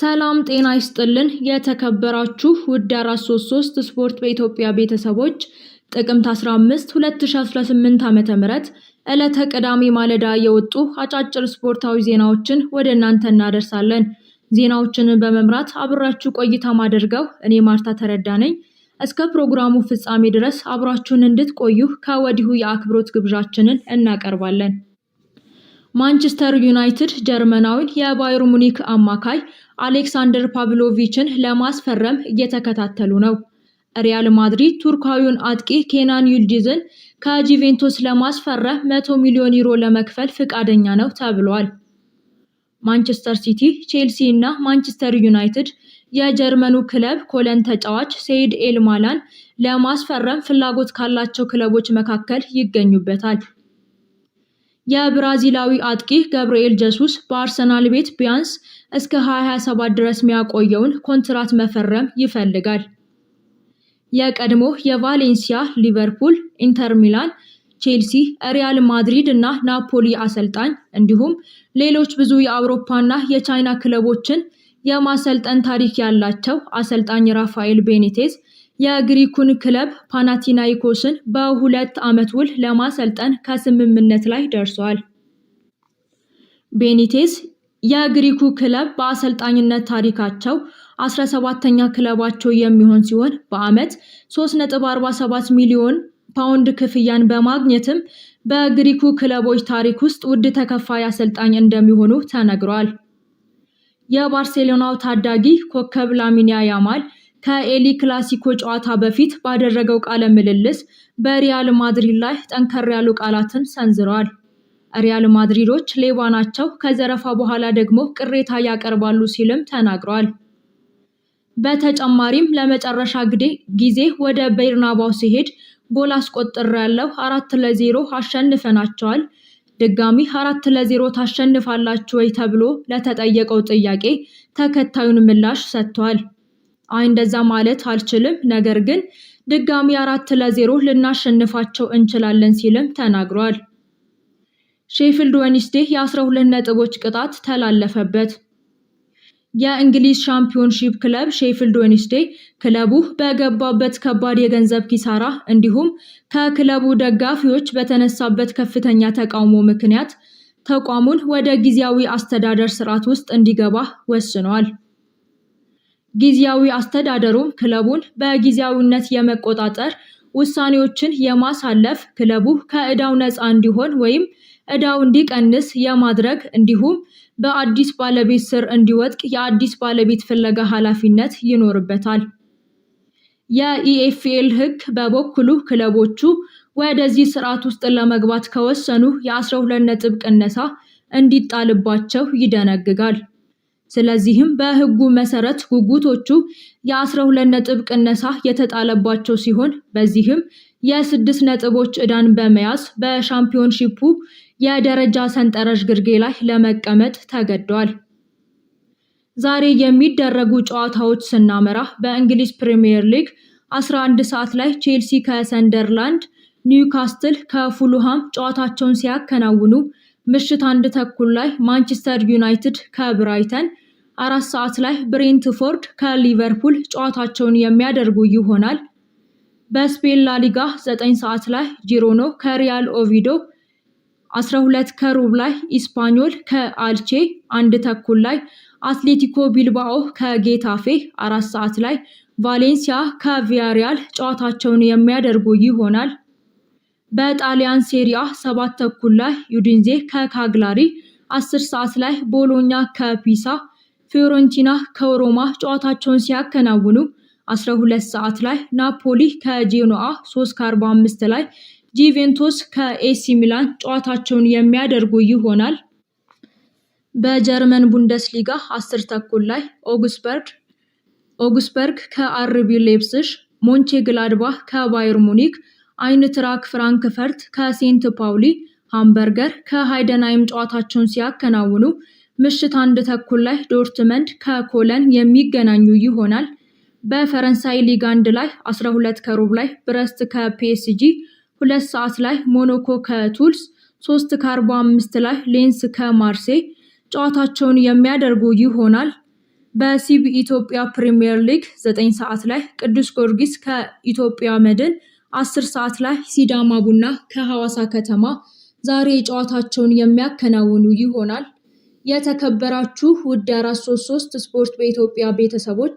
ሰላም ጤና ይስጥልን። የተከበራችሁ ውድ 433 ስፖርት በኢትዮጵያ ቤተሰቦች ጥቅምት 15 2018 ዓ.ም ዕለተ ቅዳሜ ማለዳ የወጡ አጫጭር ስፖርታዊ ዜናዎችን ወደ እናንተ እናደርሳለን። ዜናዎችን በመምራት አብራችሁ ቆይታ ማደርገው እኔ ማርታ ተረዳ ነኝ። እስከ ፕሮግራሙ ፍጻሜ ድረስ አብራችሁን እንድትቆዩ ከወዲሁ የአክብሮት ግብዣችንን እናቀርባለን። ማንቸስተር ዩናይትድ ጀርመናዊን የባየር ሙኒክ አማካይ አሌክሳንደር ፓቭሎቪችን ለማስፈረም እየተከታተሉ ነው። ሪያል ማድሪድ ቱርካዊውን አጥቂ ኬናን ዩልዲዝን ከጁቬንቱስ ለማስፈረም 100 ሚሊዮን ዩሮ ለመክፈል ፈቃደኛ ነው ተብሏል። ማንቸስተር ሲቲ፣ ቼልሲ እና ማንቸስተር ዩናይትድ የጀርመኑ ክለብ ኮለን ተጫዋች ሴይድ ኤልማላን ለማስፈረም ፍላጎት ካላቸው ክለቦች መካከል ይገኙበታል። የብራዚላዊ አጥቂ ገብርኤል ጀሱስ በአርሰናል ቤት ቢያንስ እስከ 2027 ድረስ የሚያቆየውን ኮንትራት መፈረም ይፈልጋል። የቀድሞ የቫሌንሲያ፣ ሊቨርፑል፣ ኢንተር ሚላን፣ ቼልሲ፣ ሪያል ማድሪድ እና ናፖሊ አሰልጣኝ እንዲሁም ሌሎች ብዙ የአውሮፓና የቻይና ክለቦችን የማሰልጠን ታሪክ ያላቸው አሰልጣኝ ራፋኤል ቤኒቴዝ የግሪኩን ክለብ ፓናቲናይኮስን በሁለት ዓመት ውል ለማሰልጠን ከስምምነት ላይ ደርሷል። ቤኒቴስ የግሪኩ ክለብ በአሰልጣኝነት ታሪካቸው 17ተኛ ክለባቸው የሚሆን ሲሆን በዓመት 3.47 ሚሊዮን ፓውንድ ክፍያን በማግኘትም በግሪኩ ክለቦች ታሪክ ውስጥ ውድ ተከፋይ አሰልጣኝ እንደሚሆኑ ተነግሯል። የባርሴሎናው ታዳጊ ኮከብ ላሚኒያ ያማል ከኤሊ ክላሲኮ ጨዋታ በፊት ባደረገው ቃለ ምልልስ በሪያል ማድሪድ ላይ ጠንከር ያሉ ቃላትን ሰንዝረዋል። ሪያል ማድሪዶች ሌባ ናቸው፣ ከዘረፋ በኋላ ደግሞ ቅሬታ ያቀርባሉ ሲልም ተናግረዋል። በተጨማሪም ለመጨረሻ ጊዜ ወደ ቤርናባው ሲሄድ ጎል አስቆጥር ያለው አራት ለዜሮ አሸንፈናቸዋል። ድጋሚ አራት ለዜሮ ታሸንፋላችሁ ወይ ተብሎ ለተጠየቀው ጥያቄ ተከታዩን ምላሽ ሰጥቷል። አይ እንደዛ ማለት አልችልም፣ ነገር ግን ድጋሚ አራት ለዜሮ ልናሸንፋቸው እንችላለን ሲልም ተናግሯል። ሼፊልድ ዌንስዴ የ12 ነጥቦች ቅጣት ተላለፈበት። የእንግሊዝ ሻምፒዮንሺፕ ክለብ ሼፊልድ ዌንስዴ ክለቡ በገባበት ከባድ የገንዘብ ኪሳራ እንዲሁም ከክለቡ ደጋፊዎች በተነሳበት ከፍተኛ ተቃውሞ ምክንያት ተቋሙን ወደ ጊዜያዊ አስተዳደር ስርዓት ውስጥ እንዲገባ ወስኗል። ጊዜያዊ አስተዳደሩም ክለቡን በጊዜያዊነት የመቆጣጠር ውሳኔዎችን የማሳለፍ ክለቡ ከእዳው ነፃ እንዲሆን ወይም እዳው እንዲቀንስ የማድረግ እንዲሁም በአዲስ ባለቤት ስር እንዲወጥቅ የአዲስ ባለቤት ፍለጋ ኃላፊነት ይኖርበታል። የኢኤፍኤል ሕግ በበኩሉ ክለቦቹ ወደዚህ ስርዓት ውስጥ ለመግባት ከወሰኑ የ12 ነጥብ ቅነሳ እንዲጣልባቸው ይደነግጋል። ስለዚህም በህጉ መሰረት ጉጉቶቹ የ12 ነጥብ ቅነሳ የተጣለባቸው ሲሆን በዚህም የስድስት ነጥቦች ዕዳን በመያዝ በሻምፒዮንሺፑ የደረጃ ሰንጠረዥ ግርጌ ላይ ለመቀመጥ ተገደዋል። ዛሬ የሚደረጉ ጨዋታዎች ስናመራ በእንግሊዝ ፕሪምየር ሊግ 11 ሰዓት ላይ ቼልሲ ከሰንደርላንድ፣ ኒውካስትል ከፉሉሃም ጨዋታቸውን ሲያከናውኑ ምሽት አንድ ተኩል ላይ ማንቸስተር ዩናይትድ ከብራይተን አራት ሰዓት ላይ ብሬንትፎርድ ከሊቨርፑል ጨዋታቸውን የሚያደርጉ ይሆናል። በስፔን ላሊጋ ዘጠኝ ሰዓት ላይ ጂሮኖ ከሪያል ኦቪዶ፣ 12 ከሩብ ላይ ኢስፓኞል ከአልቼ፣ አንድ ተኩል ላይ አትሌቲኮ ቢልባኦ ከጌታፌ፣ አራት ሰዓት ላይ ቫሌንሲያ ከቪያሪያል ጨዋታቸውን የሚያደርጉ ይሆናል። በጣሊያን ሴሪያ ሰባት ተኩል ላይ ዩዲንዜ ከካግላሪ፣ 10 ሰዓት ላይ ቦሎኛ ከፒሳ ፊዮረንቲና ከሮማ ጨዋታቸውን ሲያከናውኑ 12 ሰዓት ላይ ናፖሊ ከጄኖአ 3 ከ45 ላይ ጂቬንቶስ ከኤሲ ሚላን ጨዋታቸውን የሚያደርጉ ይሆናል። በጀርመን ቡንደስሊጋ 10 ተኩል ላይ ኦግስበርግ ኦግስበርግ ከአርቢ ሌፕስሽ፣ ሞንቼ ግላድባህ ከባየር ሙኒክ፣ አይንትራክ ፍራንክፈርት ከሴንት ፓውሊ፣ ሃምበርገር ከሃይደንሃይም ጨዋታቸውን ሲያከናውኑ ምሽት አንድ ተኩል ላይ ዶርትመንድ ከኮለን የሚገናኙ ይሆናል። በፈረንሳይ ሊግ አንድ ላይ 12 ከሩብ ላይ ብረስት ከፒኤስጂ፣ ሁለት ሰዓት ላይ ሞኖኮ ከቱልስ፣ ሶስት ከ45 ላይ ሌንስ ከማርሴ ጨዋታቸውን የሚያደርጉ ይሆናል። በሲቢ ኢትዮጵያ ፕሪምየር ሊግ 9 ሰዓት ላይ ቅዱስ ጊዮርጊስ ከኢትዮጵያ መድን፣ 10 ሰዓት ላይ ሲዳማ ቡና ከሐዋሳ ከተማ ዛሬ ጨዋታቸውን የሚያከናውኑ ይሆናል። የተከበራችሁ ውድ ሶስት ስፖርት በኢትዮጵያ ቤተሰቦች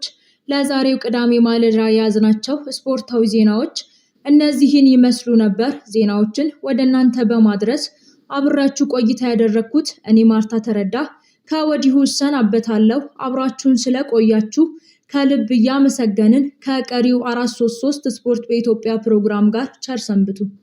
ለዛሬው ቅዳሜ ማለዳ የያዝናቸው ስፖርታዊ ዜናዎች እነዚህን ይመስሉ ነበር። ዜናዎችን ወደ እናንተ በማድረስ አብራችሁ ቆይታ ያደረግኩት እኔ ማርታ ተረዳ ከወዲሁ እሰናበታለሁ። አብራችሁን ስለቆያችሁ ከልብ እያመሰገንን ከቀሪው ሶስት ስፖርት በኢትዮጵያ ፕሮግራም ጋር ቸር ሰንብቱ።